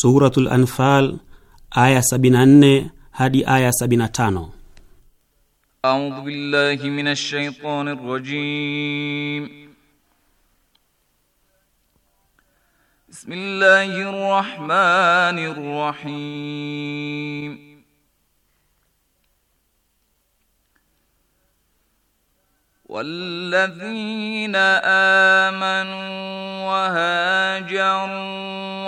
Suratul Anfal aya 74 hadi aya 75. A'udhu billahi minash shaitani rajim. Bismillahir rahmanir rahim. والذين آمنوا وهاجروا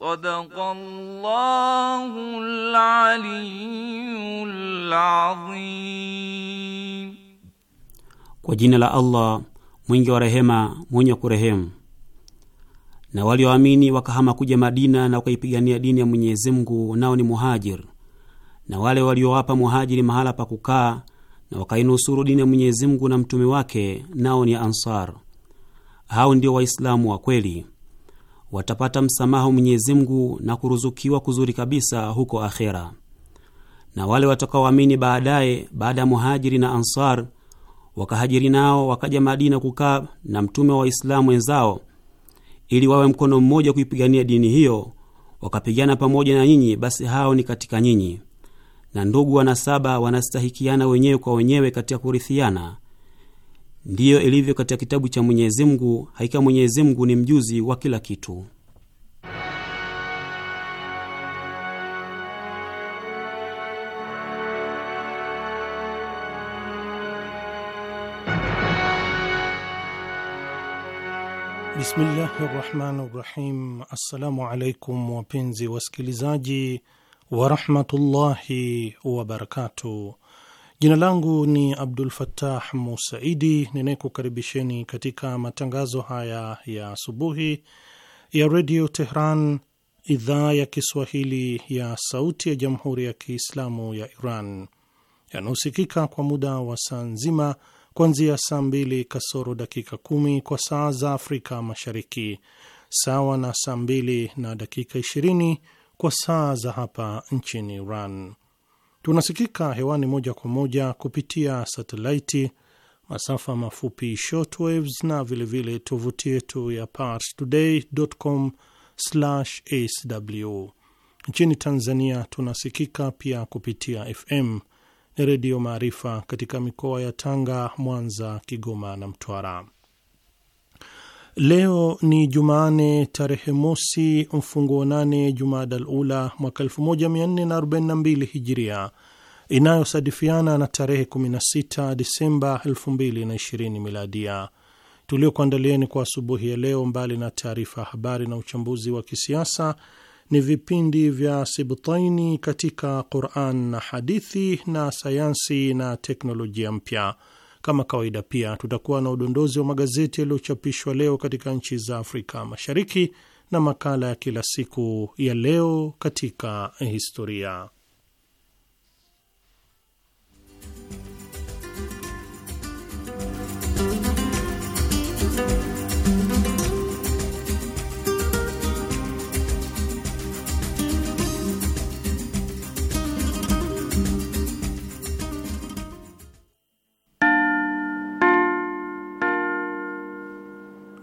Sadaqallahul Aliyyul Azim. Kwa jina la Allah mwingi wa rehema mwenye kurehemu. Na walioamini wa wakahama kuja Madina na wakaipigania dini ya Mwenyezi Mungu, nao ni muhajir na wale waliowapa wa muhajiri mahala pa kukaa na wakainusuru dini ya Mwenyezi Mungu na mtume wake, nao ni ansar. Hao ndio Waislamu wa kweli watapata msamaha Mwenyezi Mungu na kuruzukiwa kuzuri kabisa huko akhera. Na wale watakaoamini baadaye, baada ya Muhajiri na Ansar wakahajiri nao wakaja Madina kukaa na mtume wa Waislamu wenzao ili wawe mkono mmoja kuipigania dini hiyo, wakapigana pamoja na nyinyi, basi hao ni katika nyinyi, na ndugu wanasaba wanastahikiana wenyewe kwa wenyewe katika kurithiana Ndiyo ilivyo katika kitabu cha Mwenyezi Mungu, hakika Mwenyezi Mungu ni mjuzi wa kila kitu. Bismillahi rahmani rahim. Assalamu alaikum wapenzi wasikilizaji warahmatullahi wabarakatuh. Jina langu ni Abdul fatah Musaidi, ninayekukaribisheni katika matangazo haya ya asubuhi ya Redio Tehran, idhaa ya Kiswahili ya Sauti ya Jamhuri ya Kiislamu ya Iran, yanaosikika kwa muda wa saa nzima kuanzia saa mbili kasoro dakika kumi kwa saa za Afrika Mashariki, sawa na saa mbili na dakika ishirini kwa saa za hapa nchini Iran Tunasikika hewani moja kwa moja kupitia satelaiti, masafa mafupi shortwaves, na vilevile tovuti yetu ya parstoday.com/sw. Nchini Tanzania tunasikika pia kupitia FM ni Redio Maarifa katika mikoa ya Tanga, Mwanza, Kigoma na Mtwara. Leo ni Jumane tarehe mosi mfunguo nane Jumada al Ula mwaka 1442 Hijiria, inayosadifiana na tarehe 16 Disemba 2020 Miladia. Tuliokuandalieni kwa asubuhi ya leo, mbali na taarifa ya habari na uchambuzi wa kisiasa, ni vipindi vya Sibtaini katika Quran na hadithi na sayansi na teknolojia mpya kama kawaida, pia tutakuwa na udondozi wa magazeti yaliyochapishwa leo katika nchi za Afrika Mashariki na makala ya kila siku ya leo katika historia.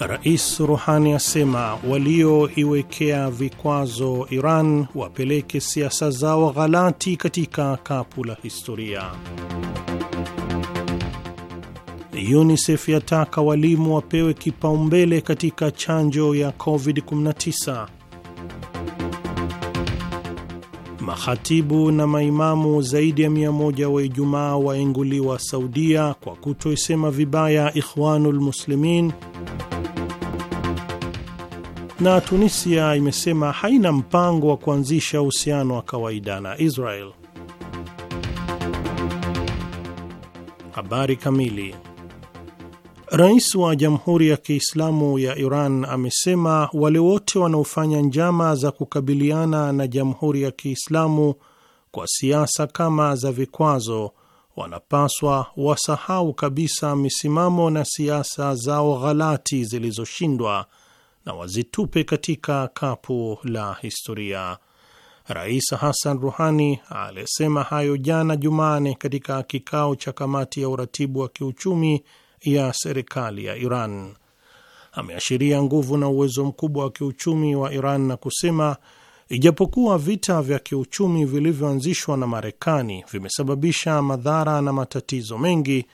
Rais Ruhani asema walioiwekea vikwazo Iran wapeleke siasa zao ghalati katika kapu la historia. UNICEF yataka walimu wapewe kipaumbele katika chanjo ya COVID-19. Mahatibu na maimamu zaidi ya mia moja wa Ijumaa waenguliwa Saudia kwa kutoisema vibaya Ikhwanul Muslimin na Tunisia imesema haina mpango wa kuanzisha uhusiano wa kawaida na Israel. Habari kamili. Rais wa Jamhuri ya Kiislamu ya Iran amesema wale wote wanaofanya njama za kukabiliana na Jamhuri ya Kiislamu kwa siasa kama za vikwazo wanapaswa wasahau kabisa misimamo na siasa zao ghalati zilizoshindwa na wazitupe katika kapu la historia. Rais Hassan Ruhani alisema hayo jana Jumane katika kikao cha kamati ya uratibu wa kiuchumi ya serikali ya Iran. Ameashiria nguvu na uwezo mkubwa wa kiuchumi wa Iran na kusema ijapokuwa vita vya kiuchumi vilivyoanzishwa na Marekani vimesababisha madhara na matatizo mengi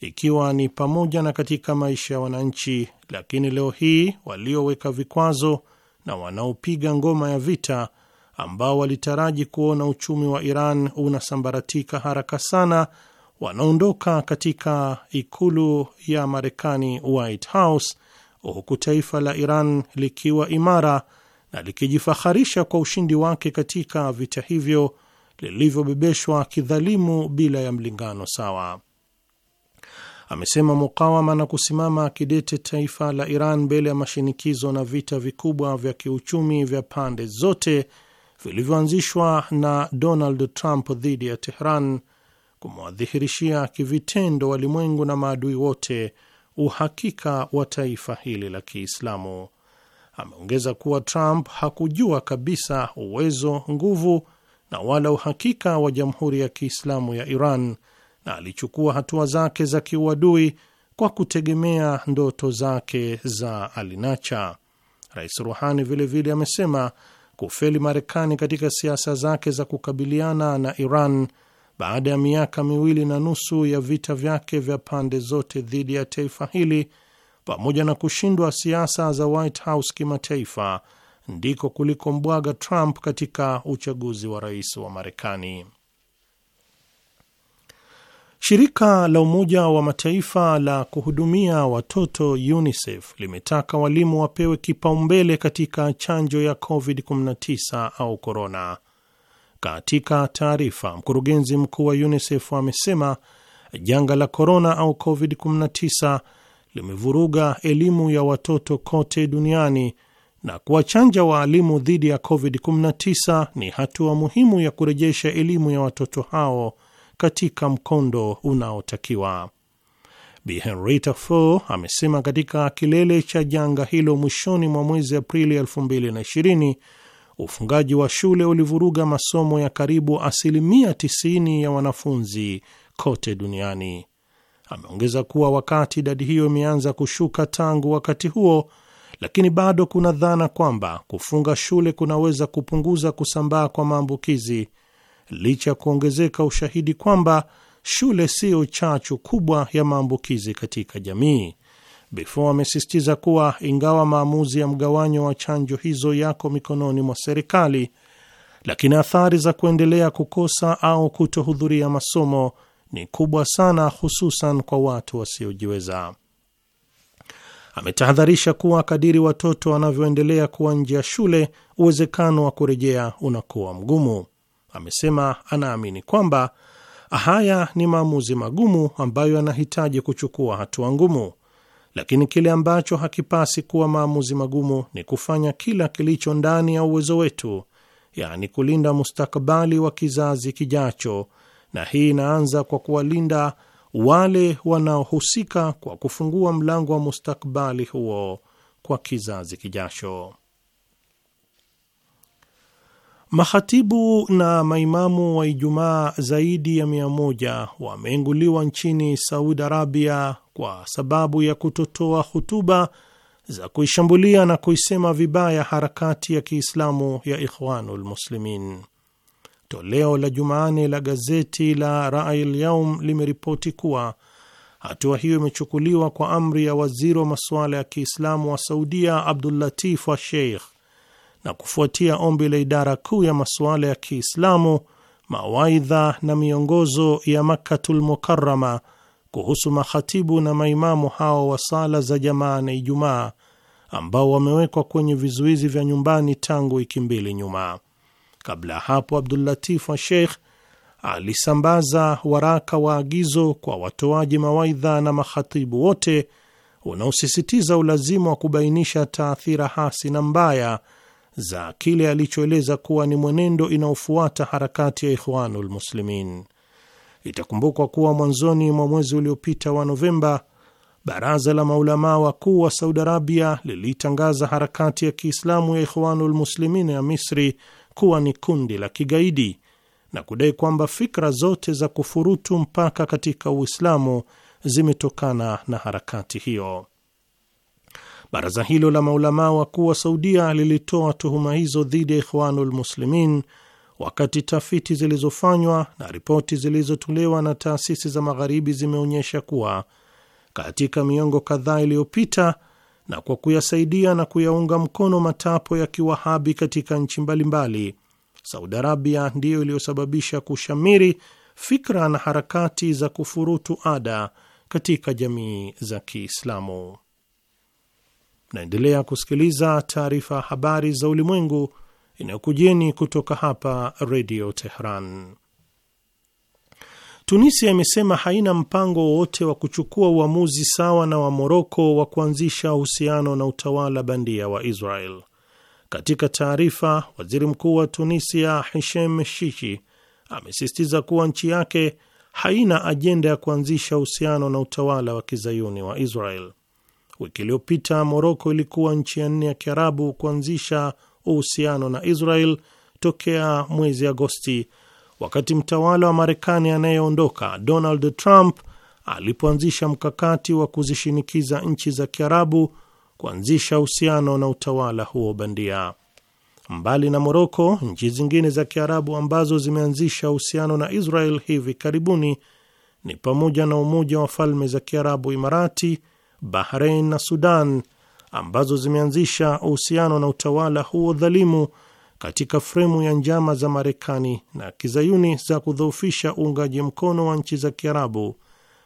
ikiwa ni pamoja na katika maisha ya wananchi, lakini leo hii walioweka vikwazo na wanaopiga ngoma ya vita ambao walitaraji kuona uchumi wa Iran unasambaratika haraka sana wanaondoka katika ikulu ya Marekani, White House, huku taifa la Iran likiwa imara na likijifaharisha kwa ushindi wake katika vita hivyo lilivyobebeshwa kidhalimu bila ya mlingano sawa amesema mukawama na kusimama kidete taifa la Iran mbele ya mashinikizo na vita vikubwa vya kiuchumi vya pande zote vilivyoanzishwa na Donald Trump dhidi ya Tehran kumewadhihirishia kivitendo walimwengu na maadui wote uhakika wa taifa hili la Kiislamu. Ameongeza kuwa Trump hakujua kabisa uwezo, nguvu na wala uhakika wa Jamhuri ya Kiislamu ya Iran na alichukua hatua zake za kiuadui kwa kutegemea ndoto zake za alinacha. Rais Ruhani vilevile amesema kufeli Marekani katika siasa zake za kukabiliana na Iran baada ya miaka miwili na nusu ya vita vyake vya pande zote dhidi ya taifa hili pamoja na kushindwa siasa za White House kimataifa ndiko kuliko mbwaga Trump katika uchaguzi wa rais wa Marekani. Shirika la Umoja wa Mataifa la kuhudumia watoto UNICEF limetaka walimu wapewe kipaumbele katika chanjo ya COVID-19 au korona. Katika taarifa, mkurugenzi mkuu wa UNICEF amesema janga la korona au COVID-19 limevuruga elimu ya watoto kote duniani na kuwachanja waalimu dhidi ya COVID-19 ni hatua muhimu ya kurejesha elimu ya watoto hao katika mkondo unaotakiwa. Bi Henrietta Fore amesema katika kilele cha janga hilo mwishoni mwa mwezi Aprili 2020 ufungaji wa shule ulivuruga masomo ya karibu asilimia 90 ya wanafunzi kote duniani. Ameongeza kuwa wakati idadi hiyo imeanza kushuka tangu wakati huo, lakini bado kuna dhana kwamba kufunga shule kunaweza kupunguza kusambaa kwa maambukizi licha ya kuongezeka ushahidi kwamba shule siyo chachu kubwa ya maambukizi katika jamii. Bifo amesisitiza kuwa ingawa maamuzi ya mgawanyo wa chanjo hizo yako mikononi mwa serikali, lakini athari za kuendelea kukosa au kutohudhuria masomo ni kubwa sana, hususan kwa watu wasiojiweza. Ametahadharisha kuwa kadiri watoto wanavyoendelea kuwa nje ya shule, uwezekano wa kurejea unakuwa mgumu. Amesema anaamini kwamba haya ni maamuzi magumu ambayo yanahitaji kuchukua hatua ngumu, lakini kile ambacho hakipasi kuwa maamuzi magumu ni kufanya kila kilicho ndani ya uwezo wetu, yaani kulinda mustakabali wa kizazi kijacho, na hii inaanza kwa kuwalinda wale wanaohusika kwa kufungua mlango wa mustakabali huo kwa kizazi kijacho. Mahatibu na maimamu wa Ijumaa zaidi ya mia moja wameenguliwa nchini Saudi Arabia kwa sababu ya kutotoa hutuba za kuishambulia na kuisema vibaya harakati ya Kiislamu ya Ikhwanul Muslimin. Toleo la Jumaane la gazeti la Rai Lyaum limeripoti kuwa hatua hiyo imechukuliwa kwa amri ya waziri wa masuala ya Kiislamu wa Saudia Abdulatif wa Sheikh na kufuatia ombi la idara kuu ya masuala ya Kiislamu, mawaidha na miongozo ya Makkatul Mukarrama kuhusu makhatibu na maimamu hao wa sala za jamaa na Ijumaa ambao wamewekwa kwenye vizuizi vya nyumbani tangu wiki mbili nyuma. Kabla ya hapo, Abdullatif wa Sheikh alisambaza waraka wa agizo kwa watoaji mawaidha na makhatibu wote unaosisitiza ulazima wa kubainisha taathira hasi na mbaya za kile alichoeleza kuwa ni mwenendo inaofuata harakati ya Ikhwanul Muslimin. Itakumbukwa kuwa mwanzoni mwa mwezi uliopita wa Novemba, baraza la maulamaa wakuu wa Saudi Arabia lilitangaza harakati ya Kiislamu ya Ikhwanul Muslimin ya Misri kuwa ni kundi la kigaidi na kudai kwamba fikra zote za kufurutu mpaka katika Uislamu zimetokana na harakati hiyo. Baraza hilo la maulamaa wakuu wa Saudia lilitoa tuhuma hizo dhidi ya Ikhwanul Muslimin wakati tafiti zilizofanywa na ripoti zilizotolewa na taasisi za magharibi zimeonyesha kuwa katika miongo kadhaa iliyopita, na kwa kuyasaidia na kuyaunga mkono matapo ya kiwahabi katika nchi mbalimbali, Saudi Arabia ndiyo iliyosababisha kushamiri fikra na harakati za kufurutu ada katika jamii za Kiislamu. Naendelea kusikiliza taarifa ya habari za ulimwengu inayokujeni kutoka hapa Redio Tehran. Tunisia imesema haina mpango wowote wa kuchukua uamuzi sawa na wa Moroko wa kuanzisha uhusiano na utawala bandia wa Israel. Katika taarifa, waziri mkuu wa Tunisia Hishem Shishi amesisitiza kuwa nchi yake haina ajenda ya kuanzisha uhusiano na utawala wa kizayuni wa Israel. Wiki iliyopita Moroko ilikuwa nchi ya nne ya Kiarabu kuanzisha uhusiano na Israel tokea mwezi Agosti, wakati mtawala wa Marekani anayeondoka Donald Trump alipoanzisha mkakati wa kuzishinikiza nchi za Kiarabu kuanzisha uhusiano na utawala huo bandia. Mbali na Moroko, nchi zingine za Kiarabu ambazo zimeanzisha uhusiano na Israel hivi karibuni ni pamoja na Umoja wa Falme za Kiarabu, Imarati, Bahrein na Sudan ambazo zimeanzisha uhusiano na utawala huo dhalimu katika fremu ya njama za Marekani na kizayuni za kudhoofisha uungaji mkono wa nchi za Kiarabu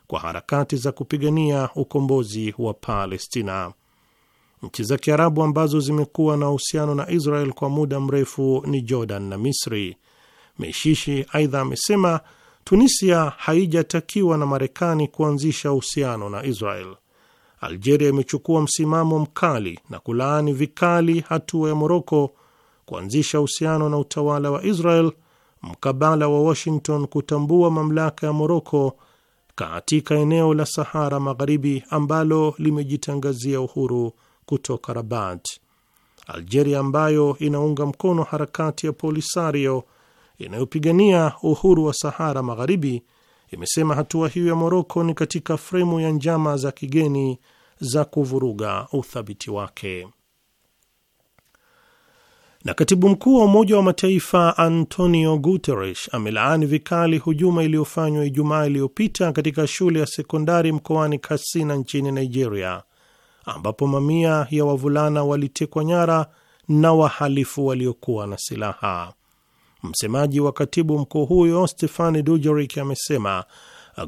kwa harakati za kupigania ukombozi wa Palestina. Nchi za Kiarabu ambazo zimekuwa na uhusiano na Israel kwa muda mrefu ni Jordan na Misri. Meshishi aidha amesema Tunisia haijatakiwa na Marekani kuanzisha uhusiano na Israel. Algeria imechukua msimamo mkali na kulaani vikali hatua ya Moroko kuanzisha uhusiano na utawala wa Israel mkabala wa Washington kutambua mamlaka ya Moroko katika eneo la Sahara Magharibi ambalo limejitangazia uhuru kutoka Rabat. Algeria ambayo inaunga mkono harakati ya Polisario inayopigania uhuru wa Sahara Magharibi imesema hatua hiyo ya Moroko ni katika fremu ya njama za kigeni za kuvuruga uthabiti wake. Na katibu mkuu wa Umoja wa Mataifa Antonio Guterres amelaani vikali hujuma iliyofanywa Ijumaa iliyopita katika shule ya sekondari mkoani Katsina nchini Nigeria, ambapo mamia ya wavulana walitekwa nyara na wahalifu waliokuwa na silaha. Msemaji wa katibu mkuu huyo Stefani Dujerik amesema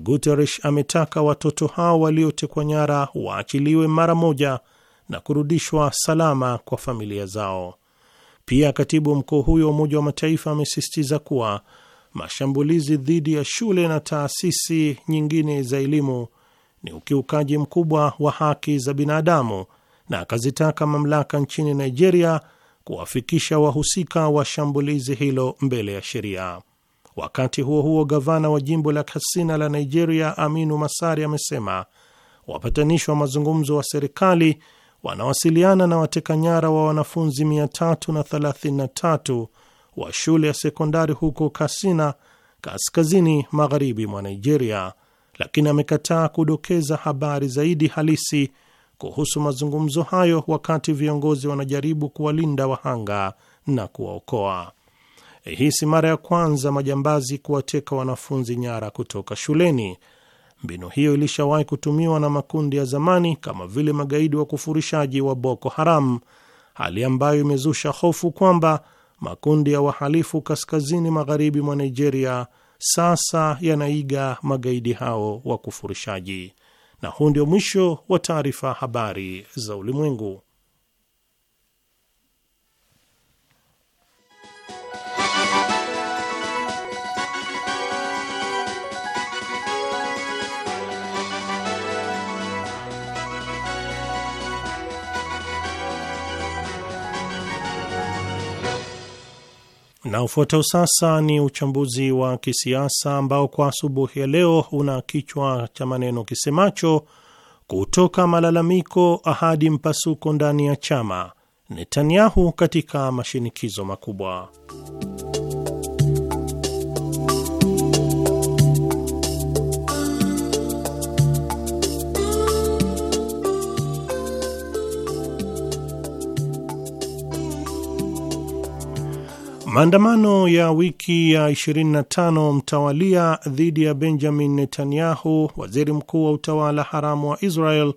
Guterres ametaka watoto hao waliotekwa nyara waachiliwe mara moja na kurudishwa salama kwa familia zao. Pia katibu mkuu huyo wa Umoja wa Mataifa amesisitiza kuwa mashambulizi dhidi ya shule na taasisi nyingine za elimu ni ukiukaji mkubwa wa haki za binadamu na akazitaka mamlaka nchini Nigeria kuwafikisha wahusika wa shambulizi hilo mbele ya sheria. Wakati huo huo, gavana wa jimbo la Katsina la Nigeria, Aminu Masari, amesema wapatanishi wa mazungumzo wa serikali wanawasiliana na watekanyara wa wanafunzi 333 wa shule ya sekondari huko Katsina, kaskazini magharibi mwa Nigeria, lakini amekataa kudokeza habari zaidi halisi kuhusu mazungumzo hayo, wakati viongozi wanajaribu kuwalinda wahanga na kuwaokoa. Hii si mara ya kwanza majambazi kuwateka wanafunzi nyara kutoka shuleni. Mbinu hiyo ilishawahi kutumiwa na makundi ya zamani kama vile magaidi wa kufurishaji wa Boko Haram, hali ambayo imezusha hofu kwamba makundi ya wahalifu kaskazini magharibi mwa Nigeria sasa yanaiga magaidi hao wa kufurishaji. Na huu ndio mwisho wa taarifa habari za ulimwengu. Unaofuata sasa ni uchambuzi wa kisiasa ambao kwa asubuhi ya leo una kichwa cha maneno kisemacho kutoka malalamiko ahadi mpasuko ndani ya chama, Netanyahu katika mashinikizo makubwa. Maandamano ya wiki ya 25 mtawalia dhidi ya Benjamin Netanyahu, waziri mkuu wa utawala haramu wa Israel,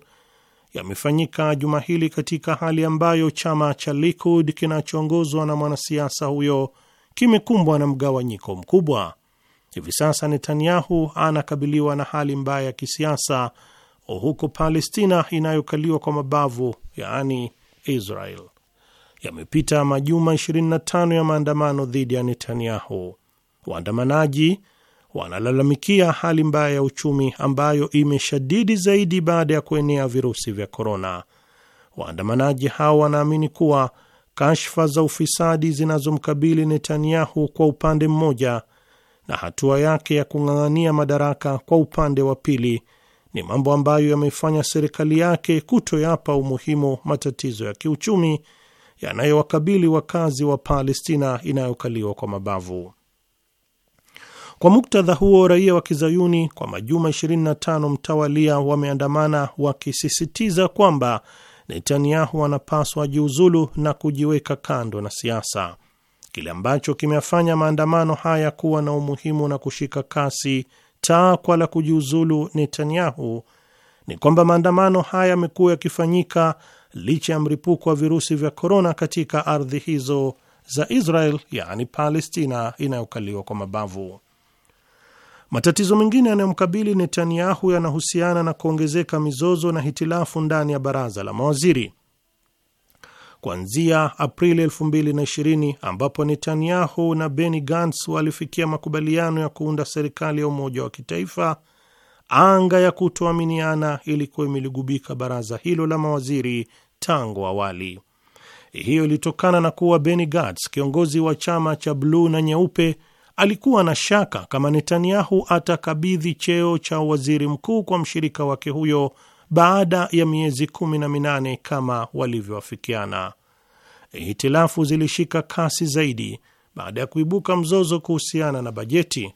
yamefanyika juma hili katika hali ambayo chama cha Likud kinachoongozwa na mwanasiasa huyo kimekumbwa na mgawanyiko mkubwa. Hivi sasa Netanyahu anakabiliwa na hali mbaya ya kisiasa huko Palestina inayokaliwa kwa mabavu, yaani Israel yamepita majuma 25 ya maandamano dhidi ya Netanyahu. Waandamanaji wanalalamikia hali mbaya ya uchumi ambayo imeshadidi zaidi baada ya kuenea virusi vya korona. Waandamanaji hao wanaamini kuwa kashfa za ufisadi zinazomkabili Netanyahu kwa upande mmoja na hatua yake ya kung'ang'ania madaraka kwa upande wa pili ni mambo ambayo yamefanya serikali yake kutoyapa umuhimu matatizo ya kiuchumi yanayowakabili wakazi wa Palestina inayokaliwa kwa mabavu. Kwa muktadha huo, raia wa kizayuni kwa majuma 25 mtawalia wameandamana wakisisitiza kwamba Netanyahu anapaswa jiuzulu na kujiweka kando na siasa, kile ambacho kimeyafanya maandamano haya kuwa na umuhimu na kushika kasi takwa la kujiuzulu Netanyahu ni kwamba maandamano haya yamekuwa yakifanyika licha ya mripuko wa virusi vya korona katika ardhi hizo za Israel, yaani Palestina inayokaliwa kwa mabavu. Matatizo mengine yanayomkabili Netanyahu yanahusiana na kuongezeka mizozo na hitilafu ndani ya baraza la mawaziri kuanzia Aprili 2020 ambapo Netanyahu na Benny Gantz walifikia makubaliano ya kuunda serikali ya umoja wa kitaifa Anga ya kutoaminiana ilikuwa imeligubika baraza hilo la mawaziri tangu awali. Hiyo ilitokana na kuwa Benny Gantz, kiongozi wa chama cha bluu na nyeupe, alikuwa na shaka kama Netanyahu atakabidhi cheo cha waziri mkuu kwa mshirika wake huyo baada ya miezi kumi na minane kama walivyoafikiana. Hitilafu zilishika kasi zaidi baada ya kuibuka mzozo kuhusiana na bajeti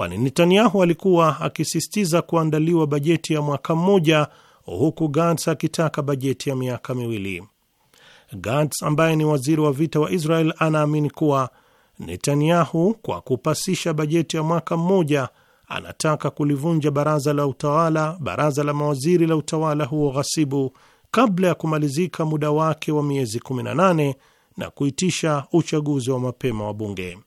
kwani Netanyahu alikuwa akisisitiza kuandaliwa bajeti ya mwaka mmoja huku Gantz akitaka bajeti ya miaka miwili. Gantz ambaye ni waziri wa vita wa Israel anaamini kuwa Netanyahu kwa kupasisha bajeti ya mwaka mmoja anataka kulivunja baraza la utawala, baraza la mawaziri la utawala huo ghasibu kabla ya kumalizika muda wake wa miezi 18 na kuitisha uchaguzi wa mapema wa bunge.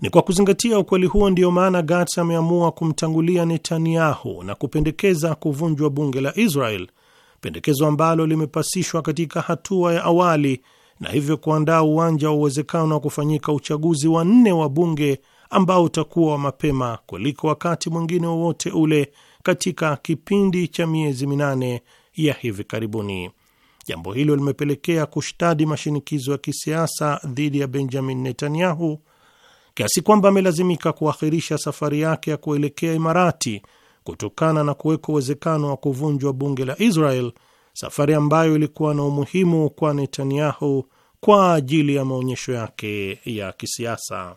Ni kwa kuzingatia ukweli huo ndiyo maana Gats ameamua kumtangulia Netanyahu na kupendekeza kuvunjwa bunge la Israel, pendekezo ambalo limepasishwa katika hatua ya awali na hivyo kuandaa uwanja wa uwezekano wa kufanyika uchaguzi wa nne wa bunge ambao utakuwa wa mapema kuliko wakati mwingine wowote ule katika kipindi cha miezi minane ya hivi karibuni. Jambo hilo limepelekea kushtadi mashinikizo ya kisiasa dhidi ya Benjamin Netanyahu kiasi kwamba amelazimika kuakhirisha safari yake ya kuelekea Imarati kutokana na kuwekwa uwezekano wa kuvunjwa bunge la Israel, safari ambayo ilikuwa na umuhimu kwa Netanyahu kwa ajili ya maonyesho yake ya kisiasa.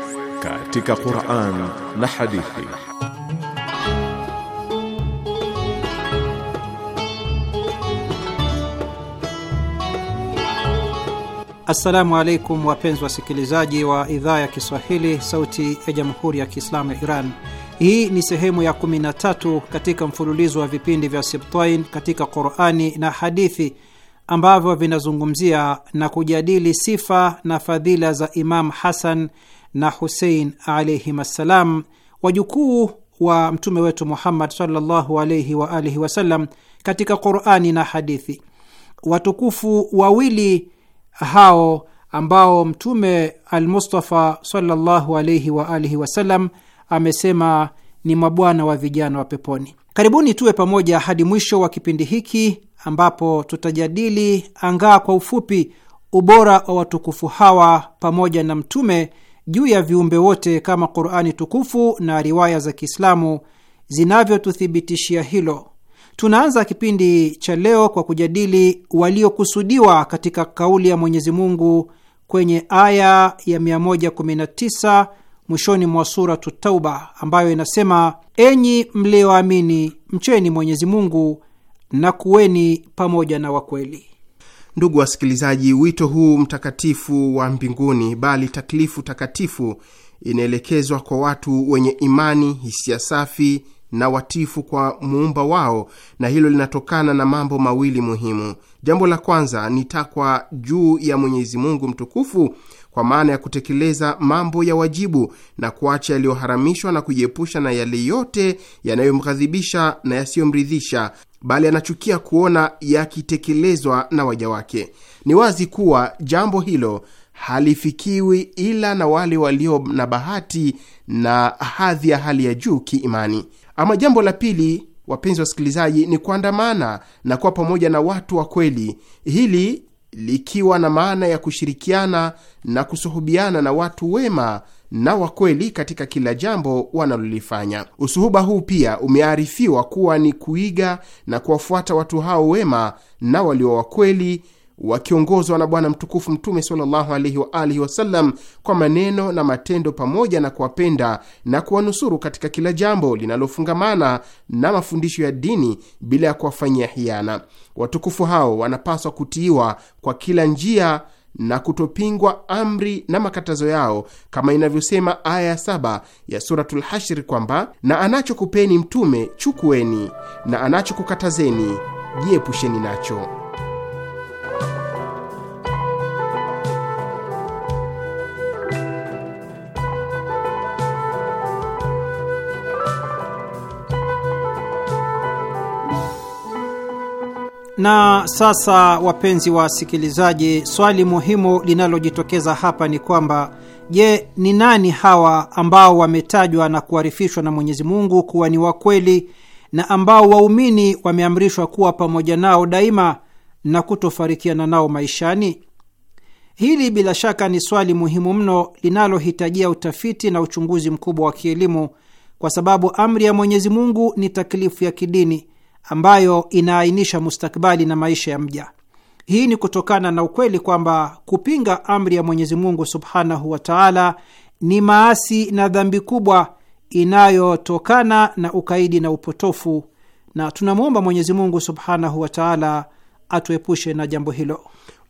katika Qur'an na hadithi. Assalamu alaikum wapenzi wasikilizaji wa idhaa ya Kiswahili sauti ya Jamhuri ya Kiislamu ya Iran. Hii ni sehemu ya 13 katika mfululizo wa vipindi vya Sibtain katika Qur'ani na hadithi ambavyo vinazungumzia na kujadili sifa na fadhila za Imam Hasan na Husein alaihim assalam, wajukuu wa mtume wetu Muhammad sallallahu alaihi wa alihi wasallam katika Qurani na hadithi. Watukufu wawili hao ambao mtume Almustafa sallallahu alaihi wa alihi wasallam amesema ni mabwana wa vijana wa peponi. Karibuni tuwe pamoja hadi mwisho wa kipindi hiki ambapo tutajadili angaa kwa ufupi ubora wa watukufu hawa pamoja na mtume juu ya viumbe wote kama Qurani tukufu na riwaya za Kiislamu zinavyotuthibitishia hilo. Tunaanza kipindi cha leo kwa kujadili waliokusudiwa katika kauli ya Mwenyezi Mungu kwenye aya ya 119 mwishoni mwa Suratu Tauba ambayo inasema, enyi mlioamini, mcheni Mwenyezi Mungu na kuweni pamoja na wakweli. Ndugu wasikilizaji, wito huu mtakatifu wa mbinguni, bali taklifu takatifu, inaelekezwa kwa watu wenye imani, hisia safi na watifu kwa muumba wao, na hilo linatokana na mambo mawili muhimu. Jambo la kwanza ni takwa juu ya Mwenyezi Mungu mtukufu kwa maana ya kutekeleza mambo ya wajibu na kuacha yaliyoharamishwa na kujiepusha na yale yote yanayomghadhibisha na yasiyomridhisha, bali anachukia kuona yakitekelezwa na waja wake. Ni wazi kuwa jambo hilo halifikiwi ila na wale walio na bahati na hadhi ya hali ya juu kiimani. Ama jambo la pili, wapenzi wasikilizaji, ni kuandamana na kuwa pamoja na watu wa kweli, hili likiwa na maana ya kushirikiana na kusuhubiana na watu wema na wakweli katika kila jambo wanalolifanya. Usuhuba huu pia umearifiwa kuwa ni kuiga na kuwafuata watu hao wema na walio wakweli wakiongozwa na Bwana mtukufu Mtume sallallahu alaihi wa alihi wasallam kwa maneno na matendo, pamoja na kuwapenda na kuwanusuru katika kila jambo linalofungamana na mafundisho ya dini bila ya kuwafanyia hiana. Watukufu hao wanapaswa kutiiwa kwa kila njia na kutopingwa amri na makatazo yao, kama inavyosema aya ya saba ya Suratul Hashri kwamba, na anachokupeni mtume chukueni, na anachokukatazeni jiepusheni nacho. Na sasa, wapenzi wa wasikilizaji, swali muhimu linalojitokeza hapa ni kwamba je, ni nani hawa ambao wametajwa na kuarifishwa na Mwenyezi Mungu kuwa ni wakweli na ambao waumini wameamrishwa kuwa pamoja nao daima na kutofarikiana nao maishani? Hili bila shaka ni swali muhimu mno linalohitajia utafiti na uchunguzi mkubwa wa kielimu, kwa sababu amri ya Mwenyezi Mungu ni taklifu ya kidini ambayo inaainisha mustakbali na maisha ya mja. Hii ni kutokana na ukweli kwamba kupinga amri ya Mwenyezi Mungu subhanahu wa taala ni maasi na dhambi kubwa inayotokana na ukaidi na upotofu, na tunamwomba Mwenyezi Mungu subhanahu wa taala atuepushe na jambo hilo.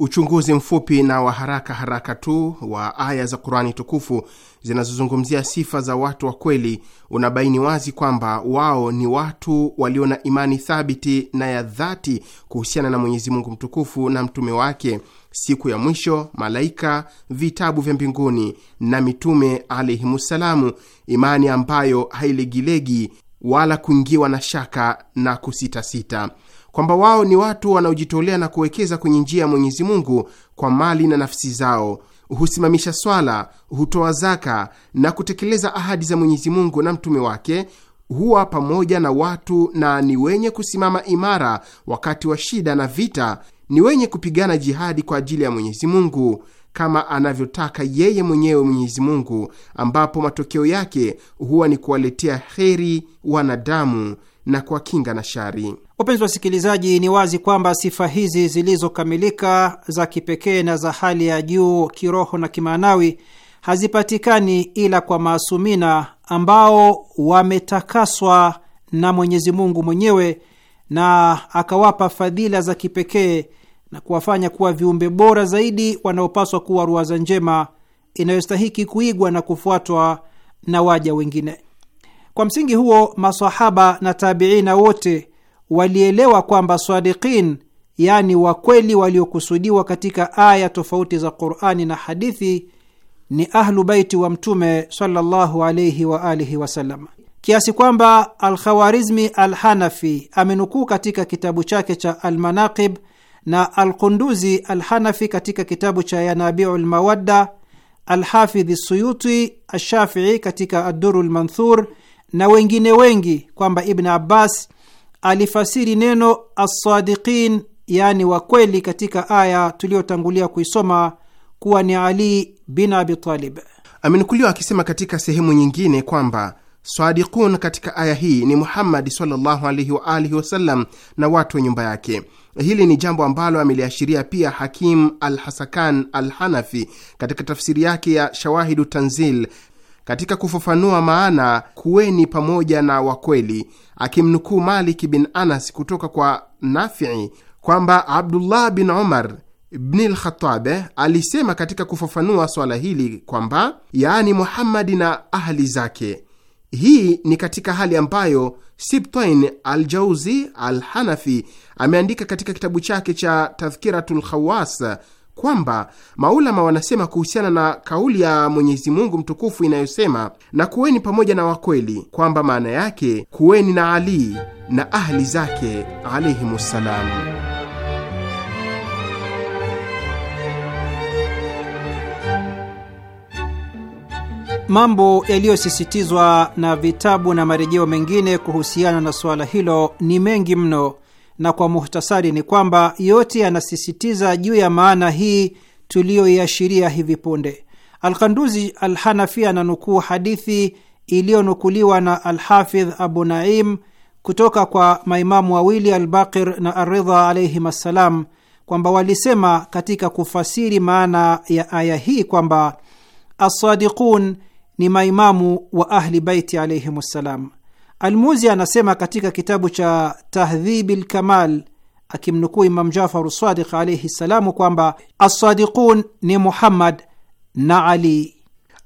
Uchunguzi mfupi na wa haraka haraka tu wa aya za Kurani tukufu zinazozungumzia sifa za watu wa kweli unabaini wazi kwamba wao ni watu walio na imani thabiti na ya dhati kuhusiana na Mwenyezi Mungu mtukufu na mtume wake, siku ya mwisho, malaika, vitabu vya mbinguni na mitume alaihimussalamu, imani ambayo hailegilegi wala kuingiwa na shaka na kusitasita kwamba wao ni watu wanaojitolea na kuwekeza kwenye njia ya Mwenyezi Mungu kwa mali na nafsi zao, husimamisha swala, hutoa zaka na kutekeleza ahadi za Mwenyezi Mungu na mtume wake, huwa pamoja na watu na ni wenye kusimama imara wakati wa shida na vita, ni wenye kupigana jihadi kwa ajili ya Mwenyezi Mungu kama anavyotaka yeye mwenyewe Mwenyezi Mungu, ambapo matokeo yake huwa ni kuwaletea heri wanadamu na kuwakinga na shari. Wapenzi wasikilizaji, ni wazi kwamba sifa hizi zilizokamilika za kipekee na za hali ya juu kiroho na kimaanawi hazipatikani ila kwa maasumina ambao wametakaswa na Mwenyezi Mungu mwenyewe na akawapa fadhila za kipekee na kuwafanya kuwa viumbe bora zaidi wanaopaswa kuwa ruwaza njema inayostahiki kuigwa na kufuatwa na waja wengine. Kwa msingi huo masahaba na tabiina wote walielewa kwamba sadiqin, yaani wakweli waliokusudiwa katika aya tofauti za Qurani na hadithi ni ahlu baiti wa Mtume sallallahu alayhi wa alihi wasallam, kiasi kwamba Alkhawarizmi Alhanafi amenukuu katika kitabu chake cha Almanaqib na Alqunduzi Alhanafi katika kitabu cha Yanabiu Lmawadda, Alhafidhi Suyuti Alshafii katika Adduru Lmanthur na wengine wengi kwamba Ibn Abbas alifasiri neno assadiqin, yaani wakweli, katika aya tuliyotangulia kuisoma kuwa ni Ali bin Abi Talib. Amenukuliwa akisema katika sehemu nyingine kwamba sadiqun katika aya hii ni Muhammadi sallallahu alaihi wa alihi wasallam na watu wa nyumba yake. Hili ni jambo ambalo ameliashiria pia Hakim al Hasakan al Hanafi katika tafsiri yake ya Shawahidu Tanzil katika kufafanua maana kuweni pamoja na wakweli, akimnukuu Maliki bin Anas kutoka kwa Nafii kwamba Abdullah bin Umar bni Lkhatabe alisema katika kufafanua swala hili kwamba yaani Muhammadi na ahli zake. Hii ni katika hali ambayo Sibtain Aljauzi Alhanafi ameandika katika kitabu chake cha Tadhkiratu lkhawas kwamba maulama wanasema kuhusiana na kauli ya Mwenyezi Mungu mtukufu inayosema na kuweni pamoja na wakweli, kwamba maana yake kuweni na Ali na ahli zake alaihimussalamu. Mambo yaliyosisitizwa na vitabu na marejeo mengine kuhusiana na suala hilo ni mengi mno na kwa muhtasari ni kwamba yote yanasisitiza juu ya maana hii tuliyoiashiria hivi punde. Alkanduzi Alhanafi ananukuu hadithi iliyonukuliwa na Alhafidh Abu Naim kutoka kwa maimamu wawili Albakir na Aridha alaihim assalam kwamba walisema katika kufasiri maana ya aya hii kwamba assadiqun ni maimamu wa Ahli Baiti alaihim assalam. Almuzi anasema katika kitabu cha Tahdhibi lkamal akimnukuu Imam Jafaru Sadiq alaihi ssalamu kwamba assadiqun ni Muhammad na Ali.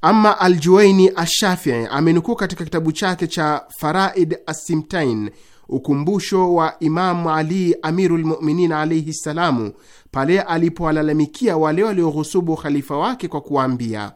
Ama Aljuwaini Ashafii amenukuu katika kitabu chake cha Faraid Assimtain ukumbusho wa Imamu Ali Amiru Lmuminin alaihi ssalamu pale alipowalalamikia wale walioghusubu ukhalifa wake kwa kuwaambia,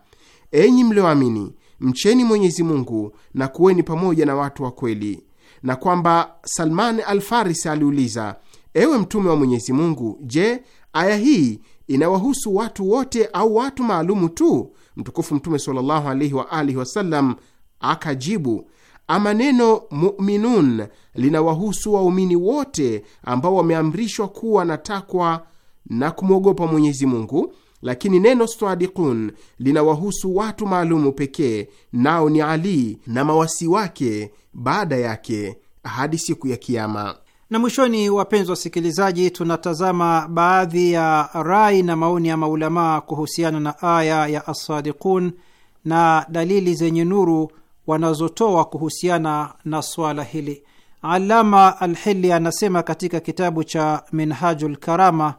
enyi mlioamini mcheni Mwenyezi Mungu na kuweni pamoja na watu wa kweli, na kwamba Salman Alfarisi aliuliza, ewe Mtume wa Mwenyezi Mungu, je, aya hii inawahusu watu wote au watu maalumu tu? Mtukufu Mtume sallallahu alaihi wa alihi wasallam akajibu, ama neno muminun linawahusu waumini wote ambao wameamrishwa kuwa na takwa na kumwogopa Mwenyezi Mungu lakini neno sadiqun linawahusu watu maalumu pekee, nao ni Ali na mawasi wake baada yake hadi siku ya Kiama. Na mwishoni, wapenzi wasikilizaji, tunatazama baadhi ya rai na maoni ya maulamaa kuhusiana na aya ya Assadiqun na dalili zenye nuru wanazotoa kuhusiana na swala hili. Alama Alhili anasema katika kitabu cha Minhajul Karama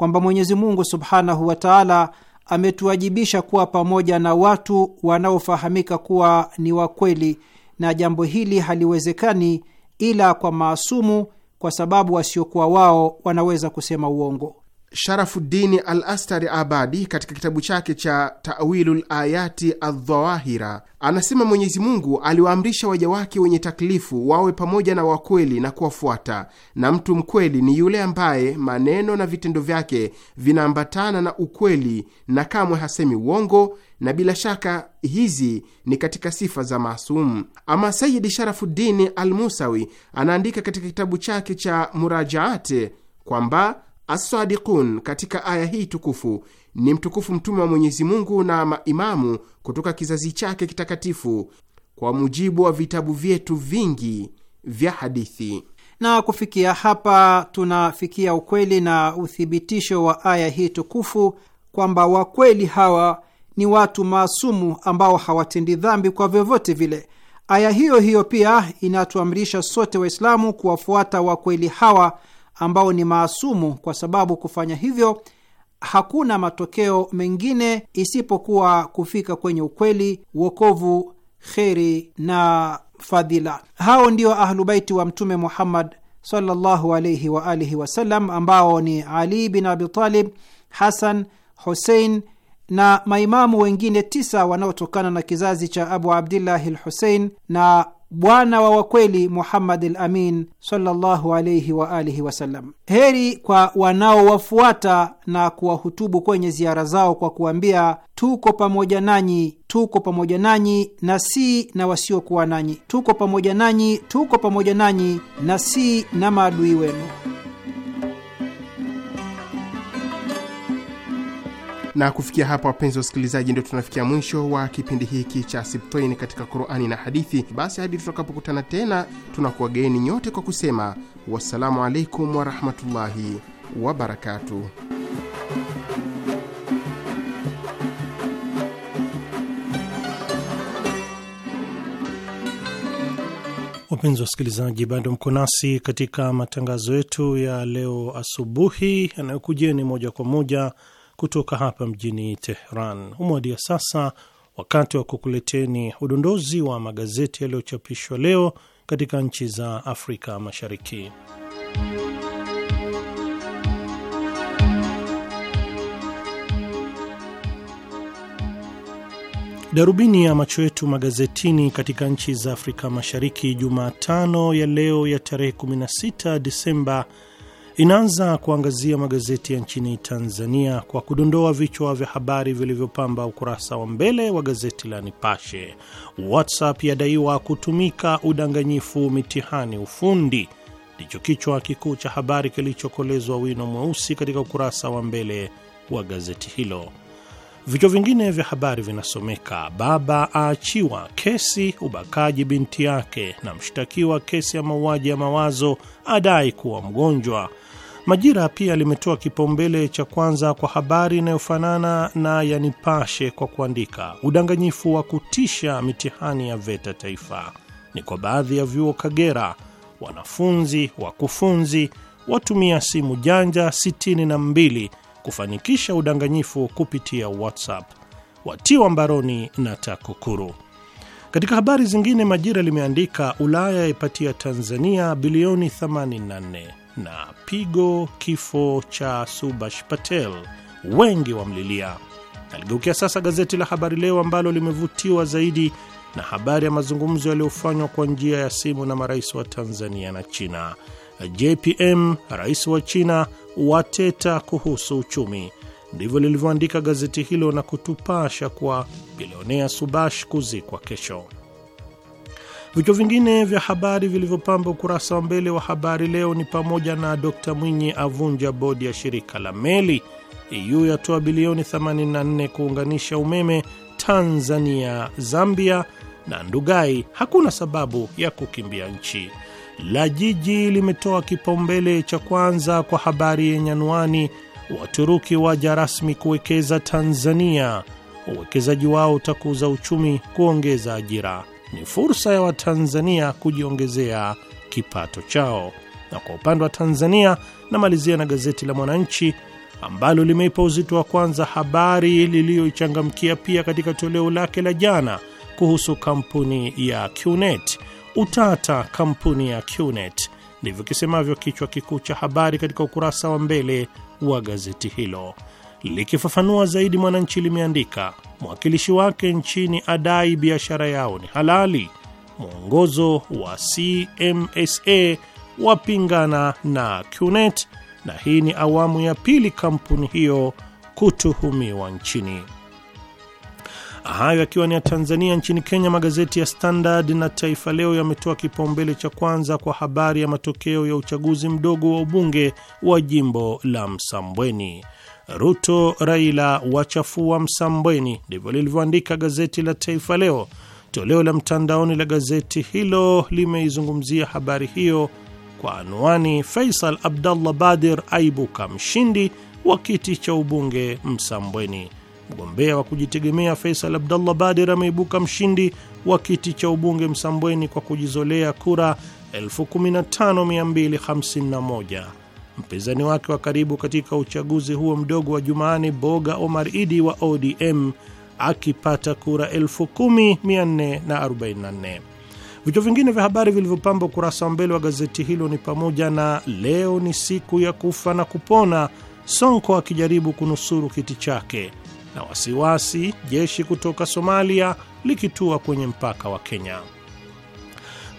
kwamba Mwenyezi Mungu subhanahu wa taala ametuwajibisha kuwa pamoja na watu wanaofahamika kuwa ni wakweli, na jambo hili haliwezekani ila kwa maasumu, kwa sababu wasiokuwa wao wanaweza kusema uongo. Sharafuddini Al Astari Abadi katika kitabu chake cha Tawilul Ayati Aldhawahira anasema Mwenyezi Mungu aliwaamrisha waja wake wenye taklifu wawe pamoja na wakweli na kuwafuata, na mtu mkweli ni yule ambaye maneno na vitendo vyake vinaambatana na ukweli na kamwe hasemi uongo, na bila shaka hizi ni katika sifa za maasumu. Ama Sayidi Sharafuddini Al Musawi anaandika katika kitabu chake cha Murajaate kwamba Assadikun katika aya hii tukufu ni mtukufu mtume wa Mwenyezi Mungu na maimamu kutoka kizazi chake kitakatifu kwa mujibu wa vitabu vyetu vingi vya hadithi. Na kufikia hapa, tunafikia ukweli na uthibitisho wa aya hii tukufu kwamba wakweli hawa ni watu maasumu ambao hawatendi dhambi kwa vyovyote vile. Aya hiyo hiyo pia inatuamrisha sote Waislamu kuwafuata wakweli hawa ambao ni maasumu, kwa sababu kufanya hivyo hakuna matokeo mengine isipokuwa kufika kwenye ukweli, wokovu, kheri na fadhila. Hao ndio Ahlubaiti wa Mtume Muhammad sallallahu alaihi wa alihi wasallam, ambao ni Ali bin Abitalib, Hasan, Husein na maimamu wengine tisa wanaotokana na kizazi cha Abu Abdillahi lhusein na bwana wa wakweli Muhammad al Amin sallallahu wa alihi wasallam. Heri kwa wanaowafuata na kuwahutubu kwenye ziara zao kwa kuambia, tuko pamoja nanyi, tuko pamoja nanyi na si na wasiokuwa nanyi, tuko pamoja nanyi, tuko pamoja nanyi na si na maadui wenu. Na kufikia hapa, wapenzi wa usikilizaji, ndio tunafikia mwisho wa kipindi hiki cha Sibtain katika Qurani na Hadithi. Basi hadi tutakapokutana tena, tunakuwageni nyote kwa kusema wassalamu alaikum warahmatullahi wabarakatuh. Wapenzi wa wasikilizaji, bado mko nasi katika matangazo yetu ya leo asubuhi, yanayokujia ni moja kwa moja kutoka hapa mjini Teheran. Umewadia sasa wakati wa kukuleteni udondozi wa magazeti yaliyochapishwa leo katika nchi za Afrika Mashariki. Darubini ya macho yetu magazetini katika nchi za Afrika Mashariki Jumatano ya leo ya tarehe 16 Disemba inaanza kuangazia magazeti ya nchini Tanzania kwa kudondoa vichwa vya habari vilivyopamba ukurasa wa mbele wa gazeti la Nipashe. WhatsApp yadaiwa kutumika udanganyifu mitihani ufundi, ndicho kichwa kikuu cha habari kilichokolezwa wino mweusi katika ukurasa wa mbele wa gazeti hilo. Vichwa vingine vya habari vinasomeka: baba aachiwa kesi ubakaji binti yake, na mshtakiwa kesi ya mauaji ya mawazo adai kuwa mgonjwa, Majira pia limetoa kipaumbele cha kwanza kwa habari inayofanana na ya Nipashe kwa kuandika udanganyifu wa kutisha mitihani ya VETA taifa ni kwa baadhi ya vyuo Kagera, wanafunzi wakufunzi watumia simu janja 62 kufanikisha udanganyifu kupitia WhatsApp watiwa mbaroni na TAKUKURU. Katika habari zingine, Majira limeandika Ulaya yaipatia Tanzania bilioni 84 na pigo kifo cha Subash Patel, wengi wamlilia. Aligeukia sasa gazeti la Habari Leo ambalo limevutiwa zaidi na habari ya mazungumzo yaliyofanywa kwa njia ya simu na marais wa Tanzania na China. JPM, rais wa China wateta kuhusu uchumi, ndivyo lilivyoandika gazeti hilo na kutupasha kwa bilionea Subash kuzikwa kesho. Vichwa vingine vya habari vilivyopamba ukurasa wa mbele wa habari leo ni pamoja na Dr Mwinyi avunja bodi ya shirika la meli, EU yatoa bilioni 84 kuunganisha umeme Tanzania, Zambia na Ndugai, hakuna sababu ya kukimbia nchi. La Jiji limetoa kipaumbele cha kwanza kwa habari yenye anwani Waturuki waja rasmi kuwekeza Tanzania, uwekezaji wao utakuza uchumi, kuongeza ajira ni fursa ya Watanzania kujiongezea kipato chao. Na kwa upande wa Tanzania, namalizia na gazeti la Mwananchi ambalo limeipa uzito wa kwanza habari liliyoichangamkia pia katika toleo lake la jana kuhusu kampuni ya QNet. Utata kampuni ya QNet, ndivyo kisemavyo kichwa kikuu cha habari katika ukurasa wa mbele wa gazeti hilo. Likifafanua zaidi, Mwananchi limeandika mwakilishi wake nchini adai biashara yao ni halali, mwongozo wa CMSA wapingana na QNet, na hii ni awamu ya pili kampuni hiyo kutuhumiwa nchini. Hayo akiwa ni ya Tanzania. Nchini Kenya, magazeti ya Standard na Taifa Leo yametoa kipaumbele cha kwanza kwa habari ya matokeo ya uchaguzi mdogo wa ubunge wa jimbo la Msambweni. Ruto Raila wachafua Msambweni, ndivyo lilivyoandika gazeti la Taifa Leo. Toleo la mtandaoni la gazeti hilo limeizungumzia habari hiyo kwa anwani, Faisal Abdallah Badir aibuka mshindi wa kiti cha ubunge Msambweni. Mgombea wa kujitegemea Faisal Abdallah Badir ameibuka mshindi wa kiti cha ubunge Msambweni kwa kujizolea kura 15251 Mpinzani wake wa karibu katika uchaguzi huo mdogo wa Jumaani, Boga Omar Idi wa ODM akipata kura 10444. Vichwa vingine vya habari vilivyopamba ukurasa wa mbele wa gazeti hilo ni pamoja na leo ni siku ya kufa na kupona, Sonko akijaribu kunusuru kiti chake, na wasiwasi jeshi kutoka Somalia likitua kwenye mpaka wa Kenya.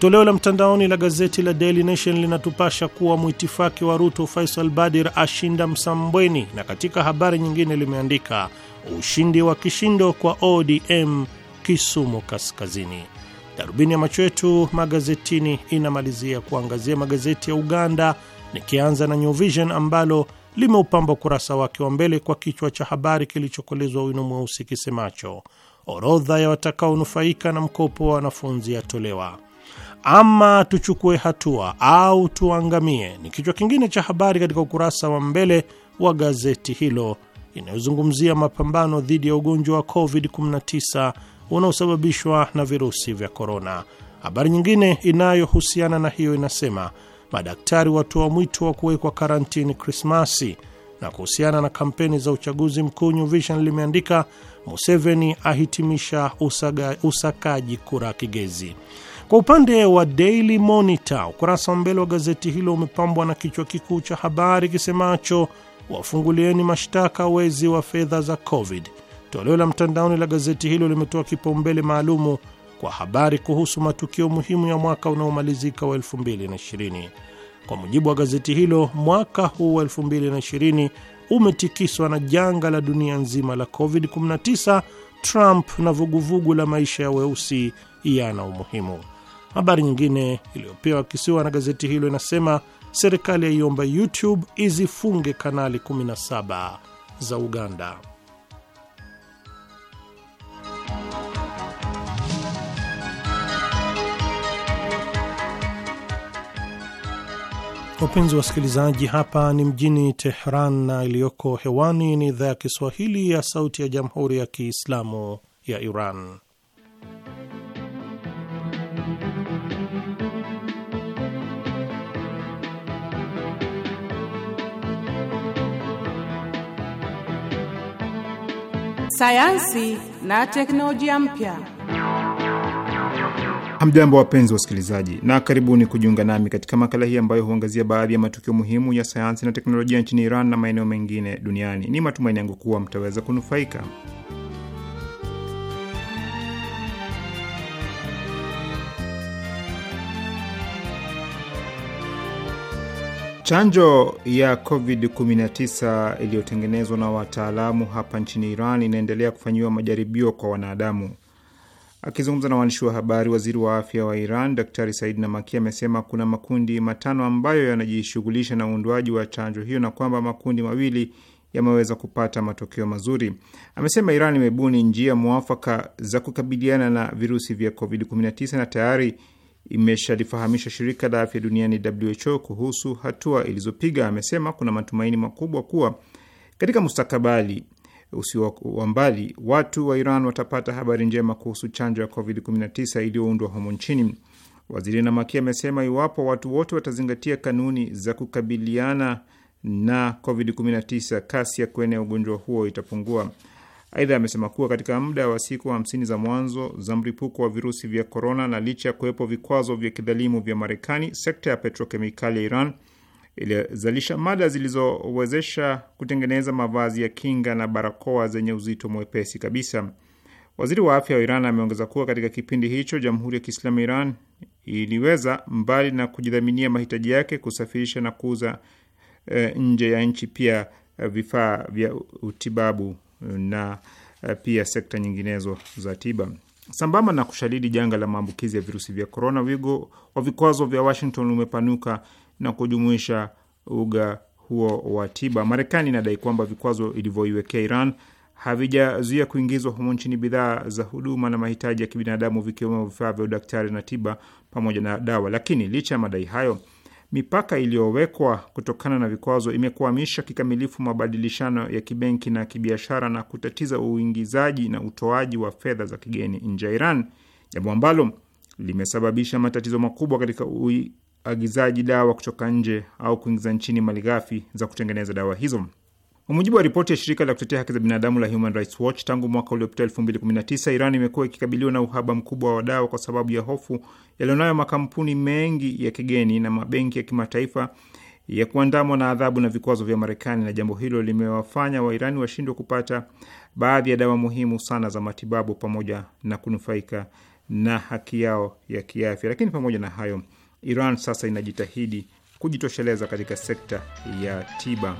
Toleo la mtandaoni la gazeti la Daily Nation linatupasha kuwa mwitifaki wa Ruto Faisal Badir ashinda Msambweni, na katika habari nyingine limeandika ushindi wa kishindo kwa ODM Kisumu Kaskazini. Darubini ya macho yetu magazetini inamalizia kuangazia magazeti ya Uganda, nikianza na New Vision ambalo limeupamba ukurasa wake wa mbele kwa kichwa cha habari kilichokolezwa wino mweusi kisemacho orodha ya watakaonufaika na mkopo wa wanafunzi yatolewa ama tuchukue hatua au tuangamie, ni kichwa kingine cha habari katika ukurasa wa mbele wa gazeti hilo inayozungumzia mapambano dhidi ya ugonjwa wa COVID-19 unaosababishwa na virusi vya korona. Habari nyingine inayohusiana na hiyo inasema madaktari watoa mwito wa kuwekwa karantini Krismasi. Na kuhusiana na kampeni za uchaguzi mkuu, New Vision limeandika Museveni ahitimisha usaga, usakaji kura Kigezi. Kwa upande wa Daily Monitor, ukurasa wa mbele wa gazeti hilo umepambwa na kichwa kikuu cha habari kisemacho wafungulieni mashtaka wezi wa fedha za Covid. Toleo la mtandaoni la gazeti hilo limetoa kipaumbele maalumu kwa habari kuhusu matukio muhimu ya mwaka unaomalizika wa 2020. Kwa mujibu wa gazeti hilo, mwaka huu wa 2020 umetikiswa na janga la dunia nzima la Covid-19, Trump na vuguvugu la maisha ya weusi yana umuhimu Habari nyingine iliyopewa kisiwa na gazeti hilo inasema serikali yaiomba YouTube izifunge kanali 17 za Uganda. Wapenzi wa wasikilizaji, hapa ni mjini Tehran na iliyoko hewani ni idhaa ya Kiswahili ya Sauti ya Jamhuri ya Kiislamu ya Iran. sayansi na teknolojia mpya. Hamjambo wapenzi wa usikilizaji, na karibuni kujiunga nami katika makala hii ambayo huangazia baadhi ya matukio muhimu ya sayansi na teknolojia nchini Iran na maeneo mengine duniani. Ni matumaini yangu kuwa mtaweza kunufaika. Chanjo ya COVID-19 iliyotengenezwa na wataalamu hapa nchini Iran inaendelea kufanyiwa majaribio kwa wanadamu. Akizungumza na waandishi wa habari, waziri wa afya wa Iran Daktari Said Namaki amesema kuna makundi matano ambayo yanajishughulisha na uundwaji wa chanjo hiyo na kwamba makundi mawili yameweza kupata matokeo mazuri. Amesema Iran imebuni njia mwafaka za kukabiliana na virusi vya COVID-19 na tayari imeshalifahamisha shirika la afya duniani WHO kuhusu hatua ilizopiga. Amesema kuna matumaini makubwa kuwa katika mustakabali usio wa mbali watu wa Iran watapata habari njema kuhusu chanjo ya COVID-19 iliyoundwa humo nchini. Waziri Namaki amesema iwapo watu wote watazingatia kanuni za kukabiliana na COVID-19, kasi ya kuenea ugonjwa huo itapungua. Aidha, amesema kuwa katika muda wa siku hamsini za mwanzo za mlipuko wa virusi vya korona, na licha ya kuwepo vikwazo vya kidhalimu vya Marekani, sekta ya petrokemikali ya Iran ilizalisha mada zilizowezesha kutengeneza mavazi ya kinga na barakoa zenye uzito mwepesi kabisa. Waziri wa afya wa Iran ameongeza kuwa katika kipindi hicho Jamhuri ya Kiislamu ya Iran iliweza mbali na kujidhaminia mahitaji yake, kusafirisha na kuuza e, nje ya nchi pia e, vifaa vya utibabu na eh, pia sekta nyinginezo za tiba. Sambamba na kushadidi janga la maambukizi ya virusi vya korona, wigo wa vikwazo vya Washington umepanuka na kujumuisha uga huo wa tiba. Marekani inadai kwamba vikwazo ilivyoiwekea Iran havijazuia kuingizwa humo nchini bidhaa za huduma na mahitaji ya kibinadamu vikiwemo vifaa vya udaktari na tiba pamoja na dawa. Lakini licha ya madai hayo, mipaka iliyowekwa kutokana na vikwazo imekwamisha kikamilifu mabadilishano ya kibenki na kibiashara na kutatiza uingizaji na utoaji wa fedha za kigeni nje ya Iran, jambo ambalo limesababisha matatizo makubwa katika uagizaji dawa kutoka nje au kuingiza nchini malighafi za kutengeneza dawa hizo. Kwa mujibu wa ripoti ya shirika la kutetea haki za binadamu la Human Rights Watch, tangu mwaka uliopita 2019 Iran imekuwa ikikabiliwa na uhaba mkubwa wa dawa kwa sababu ya hofu yaliyonayo makampuni mengi ya kigeni na mabenki ya kimataifa ya kuandamwa na adhabu na vikwazo vya Marekani, na jambo hilo limewafanya Wairani washindwe kupata baadhi ya dawa muhimu sana za matibabu pamoja na kunufaika na haki yao ya kiafya. Lakini pamoja na hayo, Iran sasa inajitahidi kujitosheleza katika sekta ya tiba.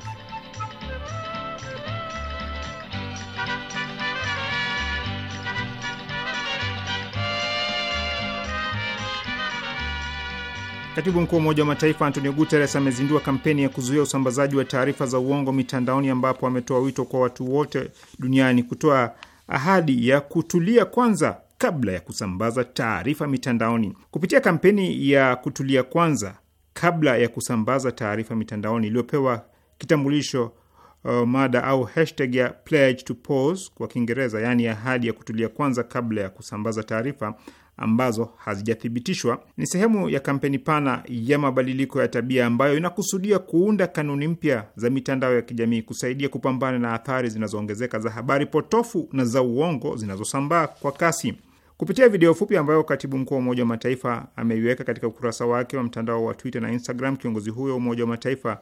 Katibu mkuu wa Umoja wa Mataifa Antonio Guterres amezindua kampeni ya kuzuia usambazaji wa taarifa za uongo mitandaoni, ambapo ametoa wito kwa watu wote duniani kutoa ahadi ya kutulia kwanza kabla ya kusambaza taarifa mitandaoni. Kupitia kampeni ya kutulia kwanza kabla ya kusambaza taarifa mitandaoni iliyopewa kitambulisho uh, mada au hashtag ya pledge to pause kwa Kiingereza, yaani ahadi ya kutulia kwanza kabla ya kusambaza taarifa, ambazo hazijathibitishwa ni sehemu ya kampeni pana ya mabadiliko ya tabia ambayo inakusudia kuunda kanuni mpya za mitandao ya kijamii kusaidia kupambana na athari zinazoongezeka za habari potofu na za uongo zinazosambaa kwa kasi. Kupitia video fupi ambayo katibu mkuu wa Umoja wa Mataifa ameiweka katika ukurasa wake wa mtandao wa Twitter na Instagram, kiongozi huyo wa Umoja wa Mataifa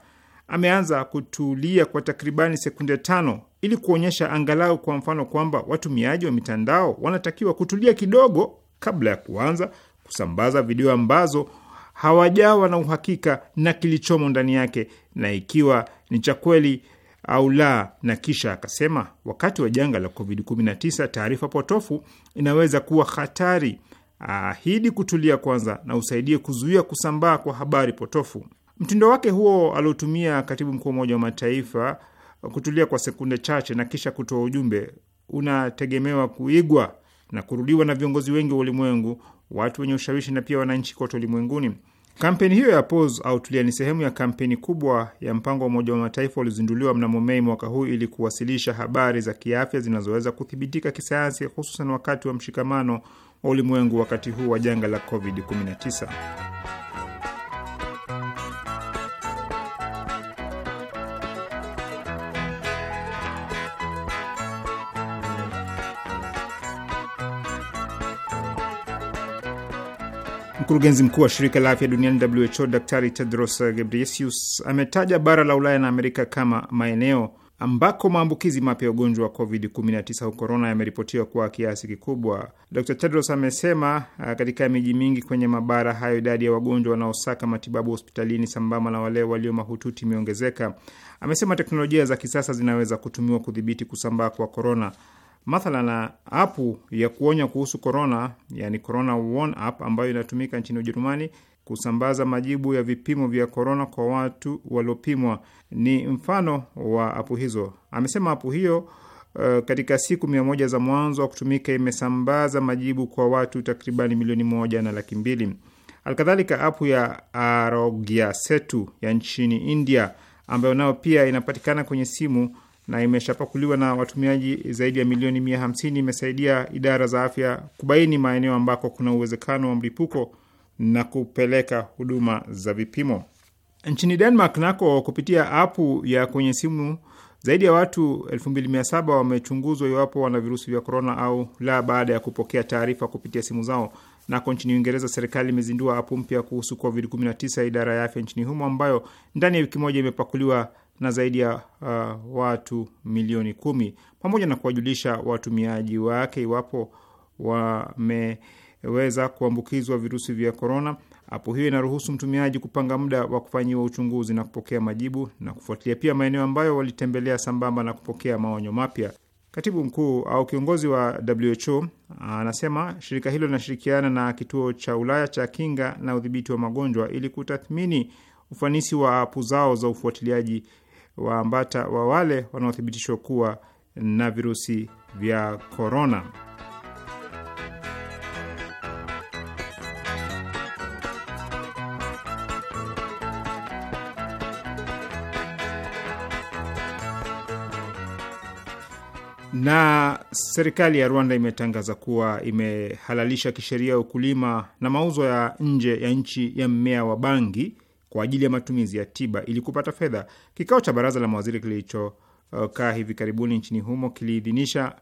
ameanza kutulia kwa takribani sekunde tano ili kuonyesha angalau kwa mfano kwamba watumiaji wa mitandao wanatakiwa kutulia kidogo kabla ya kuanza kusambaza video ambazo hawajawa na uhakika na kilichomo ndani yake na ikiwa ni cha kweli au la. Na kisha akasema, wakati wa janga la COVID-19 taarifa potofu inaweza kuwa hatari. Ahidi kutulia kwanza na usaidie kuzuia kusambaa kwa habari potofu. Mtindo wake huo aliotumia katibu mkuu wa Umoja wa Mataifa, kutulia kwa sekunde chache na kisha kutoa ujumbe, unategemewa kuigwa na kurudiwa na viongozi wengi wa ulimwengu, watu wenye ushawishi na pia wananchi kote ulimwenguni. Kampeni hiyo ya Pause au Tulia ni sehemu ya kampeni kubwa ya mpango wa Umoja wa Mataifa uliozinduliwa mnamo Mei mwaka huu ili kuwasilisha habari za kiafya zinazoweza kuthibitika kisayansi, hususan wakati wa mshikamano wa ulimwengu wakati huu wa janga la COVID-19. Mkurugenzi mkuu wa shirika la afya duniani WHO Daktari Tedros Ghebreyesus ametaja bara la Ulaya na Amerika kama maeneo ambako maambukizi mapya ya ugonjwa wa COVID-19 au korona yameripotiwa kwa kiasi kikubwa. Dr Tedros amesema uh, katika miji mingi kwenye mabara hayo idadi ya wagonjwa wanaosaka matibabu hospitalini sambamba na wale walio mahututi imeongezeka. Amesema teknolojia za kisasa zinaweza kutumiwa kudhibiti kusambaa kwa korona. Mathalan, apu ya kuonya kuhusu korona, yani corona warn app, ambayo inatumika nchini Ujerumani kusambaza majibu ya vipimo vya korona kwa watu waliopimwa ni mfano wa apu hizo. Amesema apu hiyo uh, katika siku mia moja za mwanzo wa kutumika imesambaza majibu kwa watu takribani milioni moja na laki mbili. Alkadhalika, apu ya Arogya Setu ya nchini India ambayo nayo pia inapatikana kwenye simu na imeshapakuliwa na watumiaji zaidi ya milioni mia hamsini imesaidia idara za afya kubaini maeneo ambako kuna uwezekano wa mlipuko na kupeleka huduma za vipimo. Nchini Denmark nako, kupitia apu ya kwenye simu zaidi ya watu 2700 wamechunguzwa iwapo wana virusi vya korona au la, baada ya kupokea taarifa kupitia simu zao. Nako nchini Uingereza, serikali imezindua apu mpya kuhusu COVID-19 idara ya afya nchini humo, ambayo ndani ya wiki moja imepakuliwa na zaidi ya uh, watu milioni kumi pamoja na kuwajulisha watumiaji wake iwapo wameweza kuambukizwa virusi vya korona. Apo hiyo inaruhusu mtumiaji kupanga muda wa kufanyiwa uchunguzi na kupokea majibu na kufuatilia pia maeneo ambayo walitembelea sambamba na kupokea maonyo mapya. Katibu mkuu au kiongozi wa WHO anasema shirika hilo linashirikiana na kituo cha Ulaya cha kinga na udhibiti wa magonjwa ili kutathmini ufanisi wa apu zao za ufuatiliaji waambata wa wale wanaothibitishwa kuwa na virusi vya korona. Na serikali ya Rwanda imetangaza kuwa imehalalisha kisheria ukulima na mauzo ya nje ya nchi ya mmea wa bangi kwa ajili ya matumizi ya tiba ili kupata fedha. Kikao cha baraza la mawaziri kilichokaa uh, hivi karibuni nchini humo kiliidhinisha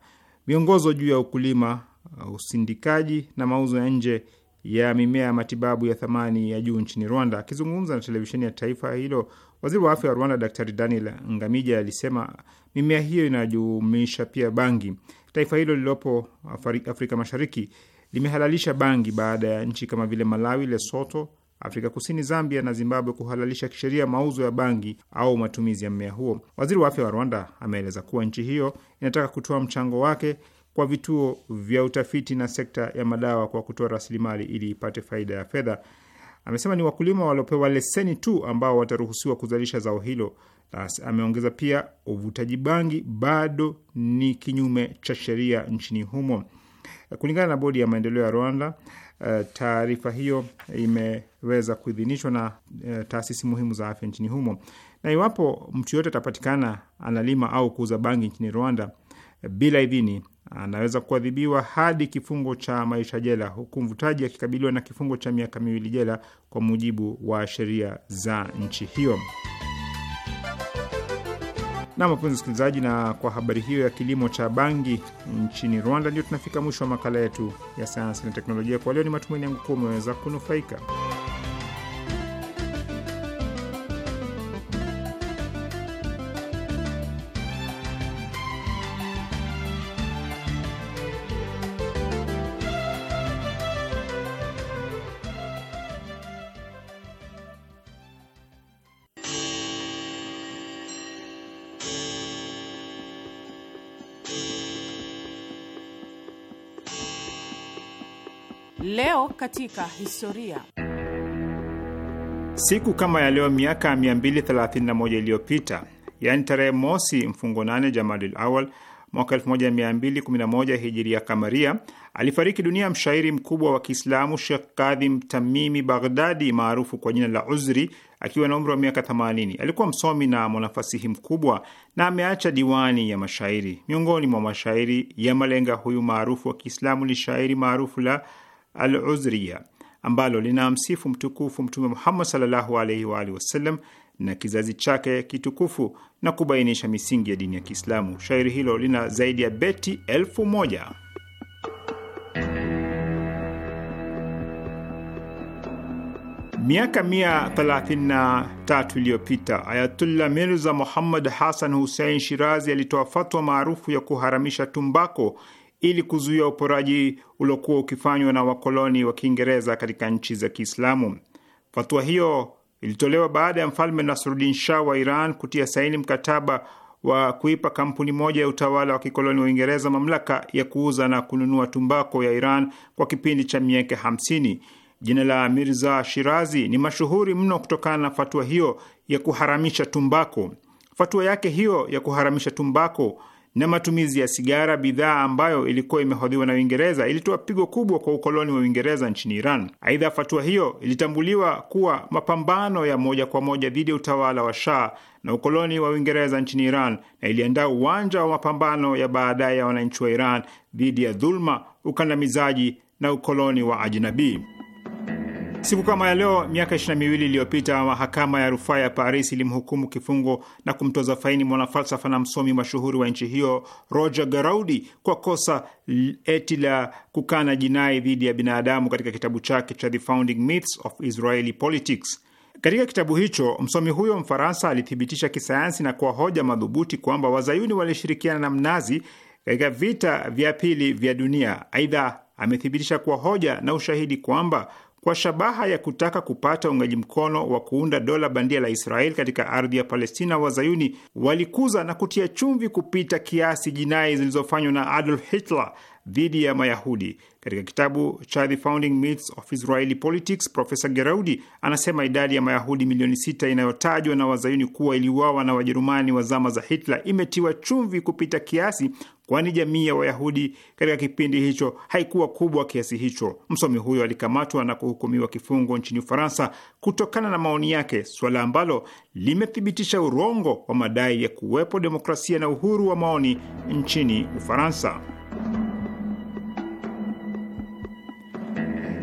miongozo juu ya ukulima, uh, usindikaji na mauzo ya nje ya mimea ya matibabu ya thamani ya juu nchini Rwanda. Akizungumza na televisheni ya taifa hilo, waziri wa afya wa Rwanda Daktari Daniel Ngamija alisema mimea hiyo inajumuisha pia bangi. Taifa hilo lililopo Afrika Mashariki limehalalisha bangi baada ya nchi kama vile Malawi, Lesoto, Afrika Kusini, Zambia na Zimbabwe kuhalalisha kisheria mauzo ya bangi au matumizi ya mmea huo. Waziri wa afya wa Rwanda ameeleza kuwa nchi hiyo inataka kutoa mchango wake kwa vituo vya utafiti na sekta ya madawa kwa kutoa rasilimali ili ipate faida ya fedha. Amesema ni wakulima waliopewa leseni tu ambao wataruhusiwa kuzalisha zao hilo. Ameongeza pia uvutaji bangi bado ni kinyume cha sheria nchini humo. Kulingana na bodi ya maendeleo ya Rwanda, Eh, taarifa hiyo imeweza kuidhinishwa na uh, taasisi muhimu za afya nchini humo. Na iwapo mtu yoyote atapatikana analima au kuuza bangi nchini Rwanda eh, bila idhini, anaweza kuadhibiwa hadi kifungo cha maisha jela, huku mvutaji akikabiliwa na kifungo cha miaka miwili jela kwa mujibu wa sheria za nchi hiyo. Nam, wapenzi wasikilizaji, na kwa habari hiyo ya kilimo cha bangi nchini Rwanda, ndio tunafika mwisho wa makala yetu ya sayansi na teknolojia kwa leo. Ni matumaini yangu kuwa umeweza kunufaika. katika historia. Siku kama ya leo miaka 231 iliyopita, yaani tarehe mosi mfungo nane Jamadil Awal mwaka 1211 hijiria kamaria, alifariki dunia mshairi mkubwa wa Kiislamu Shekh Kadhim Tamimi Baghdadi maarufu kwa jina la Uzri akiwa na umri wa miaka 80. Alikuwa msomi na mwanafasihi mkubwa na ameacha diwani ya mashairi. Miongoni mwa mashairi ya malenga huyu maarufu wa Kiislamu ni shairi maarufu la aluzria ambalo lina msifu mtukufu Mtume Muhammad sallallahu alaihi wa alihi wasallam na kizazi chake kitukufu na kubainisha misingi ya dini ya Kiislamu. Shairi hilo lina zaidi ya beti elfu moja. Miaka tatu iliyopita Ayatullah Mirza Muhammad Hassan Hussein Shirazi alitoa fatwa maarufu ya kuharamisha tumbako ili kuzuia uporaji uliokuwa ukifanywa na wakoloni wa Kiingereza katika nchi za Kiislamu. Fatua hiyo ilitolewa baada ya mfalme Nasrudin Shah wa Iran kutia saini mkataba wa kuipa kampuni moja ya utawala wa kikoloni wa Uingereza mamlaka ya kuuza na kununua tumbako ya Iran kwa kipindi cha miaka 50. Jina la Mirza Shirazi ni mashuhuri mno kutokana na fatua hiyo ya kuharamisha tumbako. Fatua yake hiyo ya kuharamisha tumbako na matumizi ya sigara, bidhaa ambayo ilikuwa imehodhiwa na Uingereza, ilitoa pigo kubwa kwa ukoloni wa Uingereza nchini Iran. Aidha, fatua hiyo ilitambuliwa kuwa mapambano ya moja kwa moja dhidi ya utawala wa Shah na ukoloni wa Uingereza nchini Iran, na iliandaa uwanja wa mapambano ya baadaye ya wananchi wa Iran dhidi ya dhulma ukandamizaji na ukoloni wa ajnabii. Siku kama ya leo miaka ishirini na miwili iliyopita mahakama ya rufaa ya Paris ilimhukumu kifungo na kumtoza faini mwanafalsafa na msomi mashuhuri wa nchi hiyo Roger Garaudi kwa kosa eti la kukana jinai dhidi ya binadamu katika kitabu chake cha The Founding Myths of Israeli Politics. Katika kitabu hicho msomi huyo Mfaransa alithibitisha kisayansi na kwa hoja madhubuti kwamba wazayuni walishirikiana na mnazi katika vita vya pili vya dunia. Aidha, amethibitisha kwa hoja na ushahidi kwamba kwa shabaha ya kutaka kupata uungaji mkono wa kuunda dola bandia la Israel katika ardhi ya Palestina. Wazayuni walikuza na kutia chumvi kupita kiasi jinai zilizofanywa na Adolf Hitler dhidi ya Mayahudi. Katika kitabu cha The Founding Myths of Israeli Politics, Profesa Geraudi anasema idadi ya Mayahudi milioni sita inayotajwa na wazayuni kuwa iliuawa na Wajerumani wa zama za Hitler imetiwa chumvi kupita kiasi, kwani jamii ya Wayahudi katika kipindi hicho haikuwa kubwa kiasi hicho. Msomi huyo alikamatwa na kuhukumiwa kifungo nchini Ufaransa kutokana na maoni yake, suala ambalo limethibitisha urongo wa madai ya kuwepo demokrasia na uhuru wa maoni nchini Ufaransa.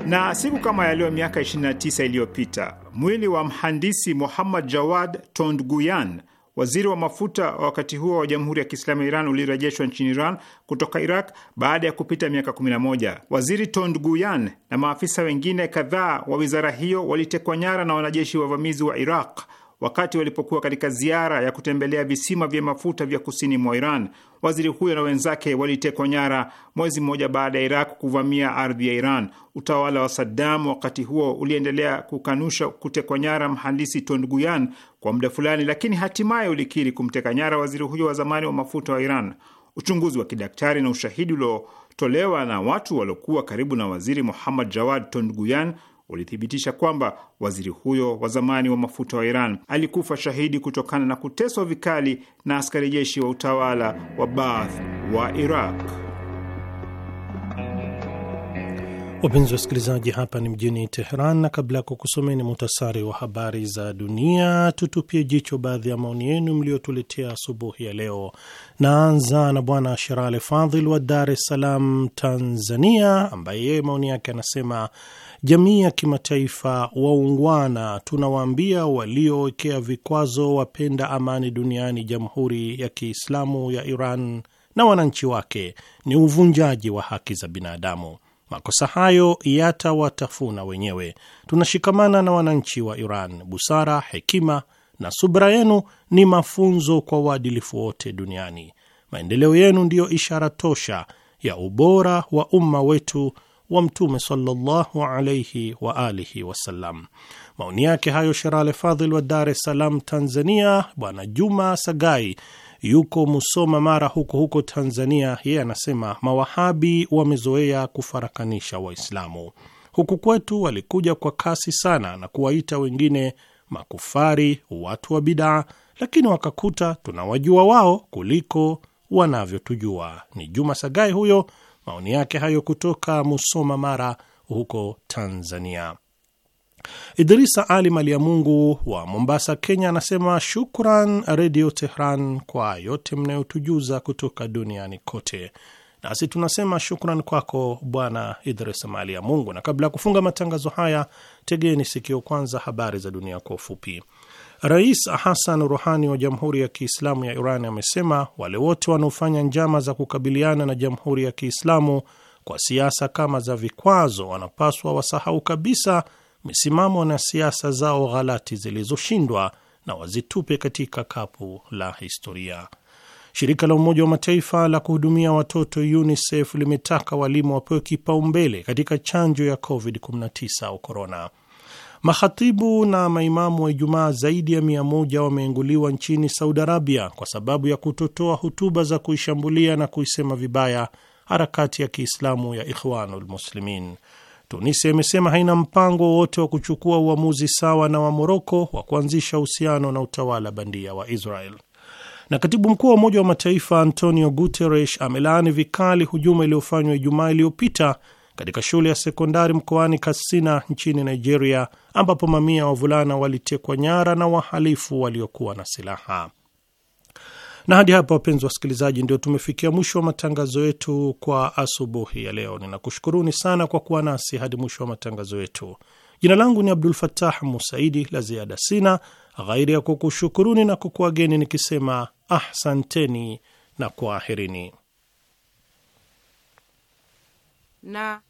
Na siku kama yaliyo miaka 29 iliyopita mwili wa mhandisi Muhammad Jawad Tondguyan, waziri wa mafuta wa wakati huo wa Jamhuri ya Kiislamu ya Iran, ulirejeshwa nchini Iran kutoka Iraq baada ya kupita miaka 11. Waziri Tondguyan na maafisa wengine kadhaa wa wizara hiyo walitekwa nyara na wanajeshi wavamizi wa Iraq wakati walipokuwa katika ziara ya kutembelea visima vya mafuta vya kusini mwa Iran. Waziri huyo na wenzake walitekwa nyara mwezi mmoja baada ya Iraq kuvamia ardhi ya Iran. Utawala wa Saddam wakati huo uliendelea kukanusha kutekwa nyara mhandisi tondguyan kwa muda fulani, lakini hatimaye ulikiri kumteka nyara waziri huyo wa zamani wa mafuta wa Iran. Uchunguzi wa kidaktari na ushahidi uliotolewa na watu waliokuwa karibu na waziri Muhammad Jawad tondguyan ulithibitisha kwamba waziri huyo wa zamani wa mafuta wa Iran alikufa shahidi kutokana na kuteswa vikali na askari jeshi wa utawala wa Baath wa Iraq. Wapenzi wasikilizaji, hapa ni mjini Teheran, na kabla ya kukusomeni muhtasari wa habari za dunia, tutupie jicho baadhi ya maoni yenu mliotuletea asubuhi ya leo. Naanza na Bwana Sherale Fadhil wa Dar es Salaam, Tanzania, ambaye yeye maoni yake anasema Jamii ya kimataifa waungwana, tunawaambia waliowekea vikwazo wapenda amani duniani Jamhuri ya Kiislamu ya Iran na wananchi wake ni uvunjaji wa haki za binadamu. Makosa hayo yatawatafuna wenyewe. Tunashikamana na wananchi wa Iran. Busara, hekima na subra yenu ni mafunzo kwa waadilifu wote duniani. Maendeleo yenu ndiyo ishara tosha ya ubora wa umma wetu wa Mtume sallallahu alaihi wa alihi wasallam. Maoni yake hayo Sherale Fadhil wa Dar es Salaam, Tanzania. Bwana Juma Sagai yuko Musoma, Mara, huko huko Tanzania. Yeye anasema mawahabi wamezoea kufarakanisha Waislamu. Huku kwetu walikuja kwa kasi sana na kuwaita wengine makufari, watu wa bidaa, lakini wakakuta tunawajua wao kuliko wanavyotujua. Ni Juma Sagai huyo Maoni yake hayo kutoka Musoma, Mara, huko Tanzania. Idrisa Ali Maliamungu wa Mombasa, Kenya, anasema shukran Redio Tehran kwa yote mnayotujuza kutoka duniani kote. Nasi tunasema shukran kwako Bwana Idrisa mungu Na kabla ya kufunga matangazo haya, tegeni sikio kwanza habari za dunia kwa ufupi. Rais Hasan Ruhani wa Jamhuri ya Kiislamu ya Iran amesema wale wote wanaofanya njama za kukabiliana na Jamhuri ya Kiislamu kwa siasa kama za vikwazo wanapaswa wasahau kabisa misimamo na siasa zao ghalati zilizoshindwa na wazitupe katika kapu la historia. Shirika la Umoja wa Mataifa la kuhudumia watoto UNICEF limetaka walimu wapewe kipaumbele katika chanjo ya COVID-19 au korona. Mahatibu na maimamu wa Ijumaa zaidi ya mia moja wameenguliwa nchini Saudi Arabia kwa sababu ya kutotoa hutuba za kuishambulia na kuisema vibaya harakati ya Kiislamu ya Ikhwanul Muslimin. Tunisia imesema haina mpango wowote wa kuchukua uamuzi sawa na wa Moroko wa kuanzisha uhusiano na utawala bandia wa Israel. Na katibu mkuu wa Umoja wa Mataifa Antonio Guterres amelaani vikali hujuma iliyofanywa Ijumaa iliyopita katika shule ya sekondari mkoani Katsina nchini Nigeria, ambapo mamia ya wavulana walitekwa nyara na wahalifu waliokuwa na silaha. Na hadi hapa, wapenzi wasikilizaji, ndio tumefikia mwisho wa matangazo yetu kwa asubuhi ya leo. Ninakushukuruni sana kwa kuwa nasi hadi mwisho wa matangazo yetu. Jina langu ni Abdul fatah Musaidi. La ziada sina ghairi ya kukushukuruni na kukuageni nikisema ahsanteni na kwaherini. na